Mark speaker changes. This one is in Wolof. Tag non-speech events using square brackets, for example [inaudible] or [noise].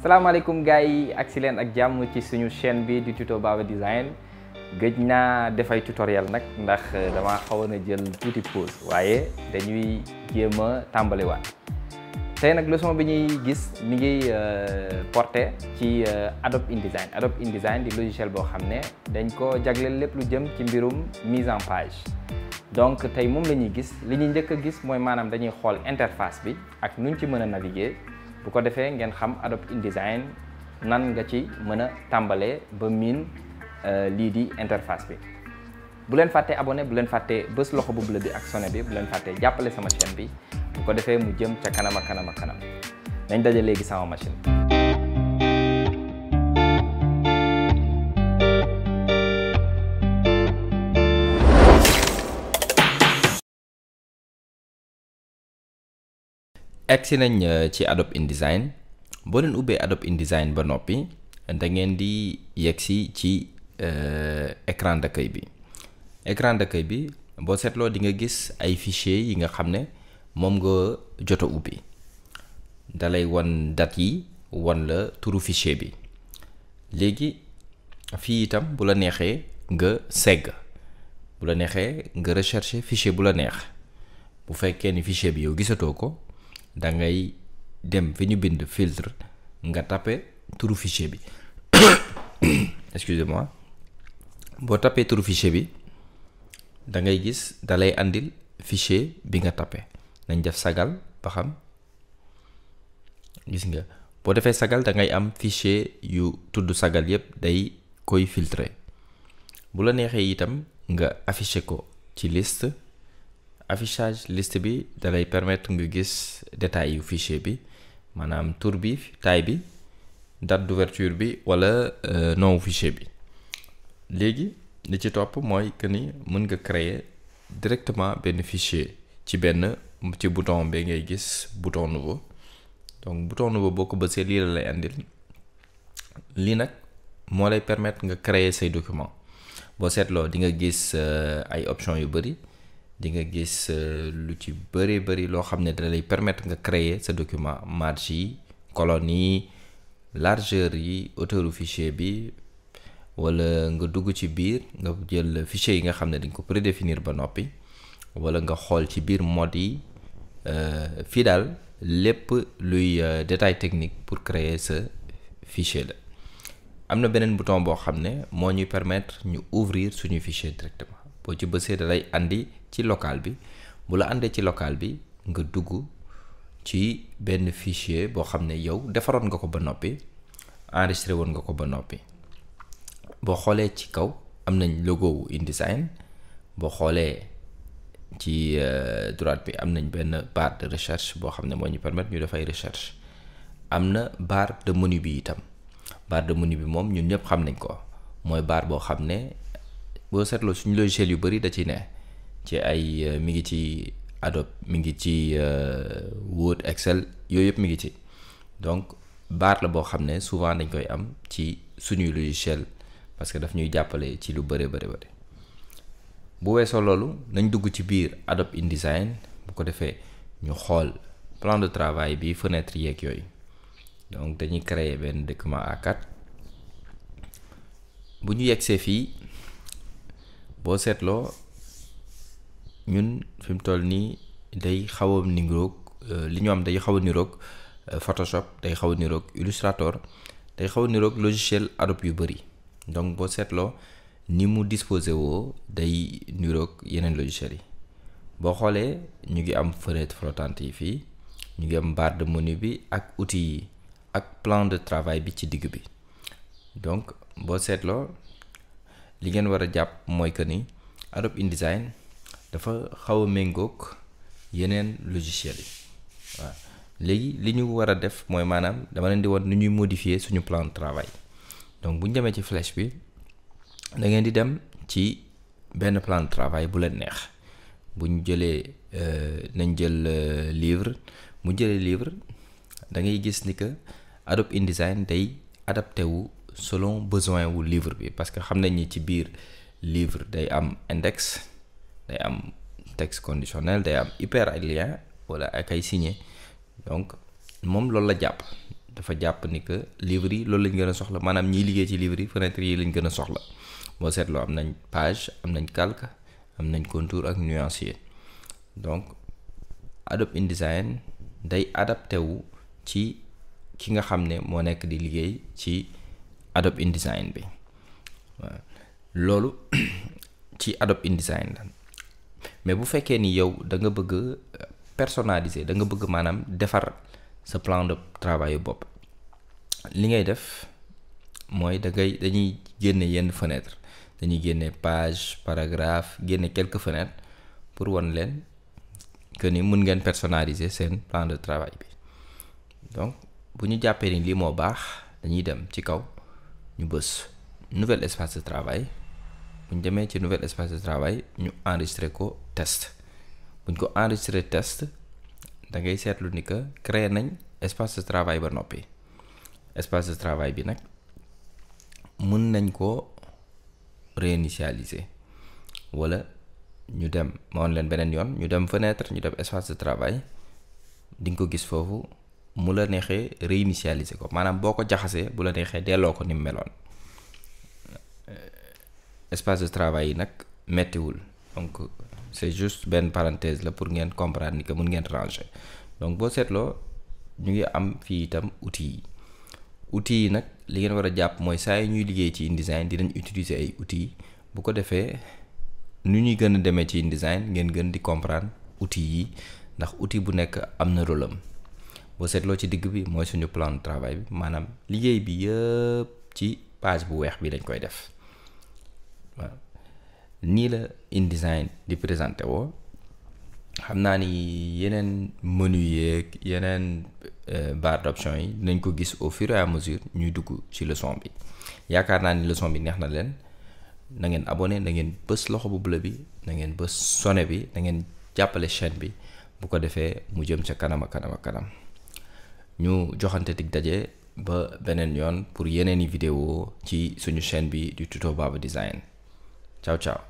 Speaker 1: salaamaaleykum gars yi ak si leen ak jàmm ci suñu chaîne bi di tuto Baba Design gëj naa defay tutoriel nag ndax euh, dama xawoon a jël tuuti pause waaye dañuy jéem a tàmbaliwaat tey nag leçon bi ñuy gis mi ngi euh, porté ci euh, Adobe InDesign Adobe InDesign di logiciel boo xam ne dañ ko jagleel lépp lu jëm ci mbirum mise en page donc tey moom la ñuy gis li ñuy njëkk a gis mooy maanaam dañuy xool interface bi ak nuñ ci mën a naviguer bu ko defee ngeen xam Adobe InDesign nan nga ci mën a tàmbalee ba miin euh, lii di interface bi bu leen fàttee abone bu leen fàttee bés loxo bu bleu bi ak sonné bi bu leen fàttee jàppale sama chaîne bi bu ko defee mu jëm ca kanam a kanam a kanam léegi sama machine egsi nañ euh, ci Adobe InDesign boo leen ubbee Adobe InDesign ba noppi da ngeen di yegsi ci euh, écran d'accueil bi écran d'accueil bi boo seetloo di nga gis ay fichiers yi nga xam ne moom nga jot a ubbi dalay wan dat yi wan la turu fichier bi léegi fii itam bu la neexee nga segg bu la neexee nga recherche fichier bu la neex bu fekkee ni fichier bi yow gisatoo ko da ngay dem fi ñu bind filtre nga tappe turu fichier bi [coughs] excusez-moi boo tappee turu fichier bi da ngay gis dalay lay andil bi nga tappe nañ def sagal ba xam gis nga boo defee sagal da ngay am fichier yu tudd sagal yépp day koy filtre bu la neexee itam nga afficher ko ci liste affichage list bi dalay permettre nga gis détails yu fichier bi maanaam tur bi taille bi date d'ouverture bi wala euh, nom fichier bi léegi li ci topp mooy que ni mën nga créer directement benn fichier ci benn ci bouton bi ngay gis bouton nouveau donc bouton nouveau boo ko bësee lii la lay andil lii nag moo lay permettre nga créer say document boo seetloo di nga gis euh, ay options yu bëri di nga gis euh, lu ci bëri bëri loo xam ne da lay permettre nga créer sa document marge yi colonne yi largeur yi hauteuru fichier bi wala nga dugg ci biir nga jël fichier yi nga xam ne dañ ko prédéfinir ba noppi wala nga xool ci biir mode yi euh, fii daal lépp luy euh, détail technique pour créer sa fichier la am na beneen bouton boo xam ne moo ñuy permettre ñu ouvrir suñu fichier directement boo ci bësee da lay andi ci local bi bu la àndee ci local bi nga dugg ci benn fichier boo xam ne yow defaroon nga ko ba noppi enregistré woon nga ko ba noppi boo xoolee ci kaw am nañ logo wu InDesign boo xoolee ci euh, droite bi am nañ benn barre de recherche boo xam ne mooy ñu permettre ñu def ay recherche am na barre de menu bi itam barre de menu bi moom ñun ñëpp xam nañ ko mooy barre boo xam ne boo seetloo suñu logiciel yu bëri da ciy ne ci ay euh, mi ngi ci Adobe mi ngi ci euh, Word Excel yooyu yëpp mi ngi ci donc baar la boo xam ne souvent dañ koy am ci suñuy logiciel parce que daf ñuy jàppale ci lu bëre bëri bëri bu weesoo loolu nañ dugg ci biir Adobe InDesign bu ko defee ñu xool plan de travail bi fenêtre yeeg yooyu donc dañuy créer benn document a bu ñu yegsee fii boo seetloo ñun fi mu toll nii day xaw a niroog euh, li ñu am day xaw a niroog euh, Photoshop day xaw a niroog Illustrator day xaw a niroog logiciel Adobe yu bëri donc boo seetloo ni mu disposé woo day niroog yeneen logiciel yi boo xoolee ñu ngi am fenêtre flottante yi fii ñu ngi am barre de menu bi ak outils yi ak plan de travail bi ci digg bi donc boo seetloo li ngeen war a jàpp mooy que ni Adobe InDesign dafa xaw a méngoog yeneen logiciel yi waaw léegi li ñu war a def mooy maanaam dama leen di woon nu ñuy modifier suñu plan de donc bu ñu demee ci flèche bi da di dem ci benn plan de bu leen neex bu ñu jëlee euh, nañ jël euh, livre mu jëlee livre da ngay gis ni que Adobe InDesign day adapté wu solon besoin wu livre bi parce que xam nañ ni ci biir livre day am index day am texte conditionnel day am hyperlien wala ak ay signé donc moom loolu la jàpp dafa jàpp ni que livre yi loolu lañ gën a soxla maanaam ñiy liggéey ci livre yi fenêtre yi lañ gën a soxla moo seetloo am nañ page am nañ calque am nañ contour ak nuancier donc Adobe InDesign day adapté wu ci ki nga xam ne moo nekk di liggéey ci Adobe InDesign bi waaw loolu [clears throat] ci Adobe InDesign la mais bu fekkee ni yow da nga bëgg euh, personnaliser da nga bëgg maanaam defar sa plan de travail bopp li ngay def mooy da ngay dañuy génne yenn fenêtre dañuy génne page paragraphe génne quelques fenêtres pour wan leen que ni mun ngeen personnaliser seen plan de travail bi donc bu ñu jàppee ni lii moo baax dañuy dem ci kaw ñu bës nouvel espace de travail bu ñu demee ci nouvel espace de travail ñu enregistré ko test buñ ko enregistré test da ngay seetlu ni que créé nañ espace de travail ba noppi espace de travail bi nag mën nañ ko réinitialiser wala ñu dem ma woon leen beneen yoon ñu dem fenêtre ñu dem espace de travail di ko gis foofu. mu la neexee réinitialiser ko maanaam boo ko jaxasee bu la neexee delloo ko ni mu meloon euh, espace de travail yi nag mettiwul donc c'est juste benn parenthèse la pour ngeen comprendre ni que mun ngeen ranger donc boo seetloo ñu ngi am fii itam outils yi outils yi nag li ngeen war a jàpp mooy saa yi ñuy liggéey ci InDesign dinañ utiliser ay outils bu ko defee nu ñuy gën demee ci InDesign ngeen gën di comprendre outils yi ndax outil bu nekk am na rôle boo seetloo ci digg bi mooy suñu plan de bi maanaam liggéey bi yëpp ci page bu weex bi lañ koy def waaw nii la InDesign di présenté woo xam naa ni yeneen menu yeeg yeneen euh, barre d'options yi nañ ko gis au fur et mesure ñuy dugg ci leçon bi yaakaar naa ni leçon bi neex na leen na ngeen abonné na ngeen bës loxo bu bleu bi na ngeen bës sone bi na ngeen jàppale chaîne bi bu ko defee mu jëm ca kanam a kanam a kanam ñu joxante dig daje ba beneen yoon pour yeneen i vidéo ci suñu chaîne bi du tuto Baba Design ciao caaw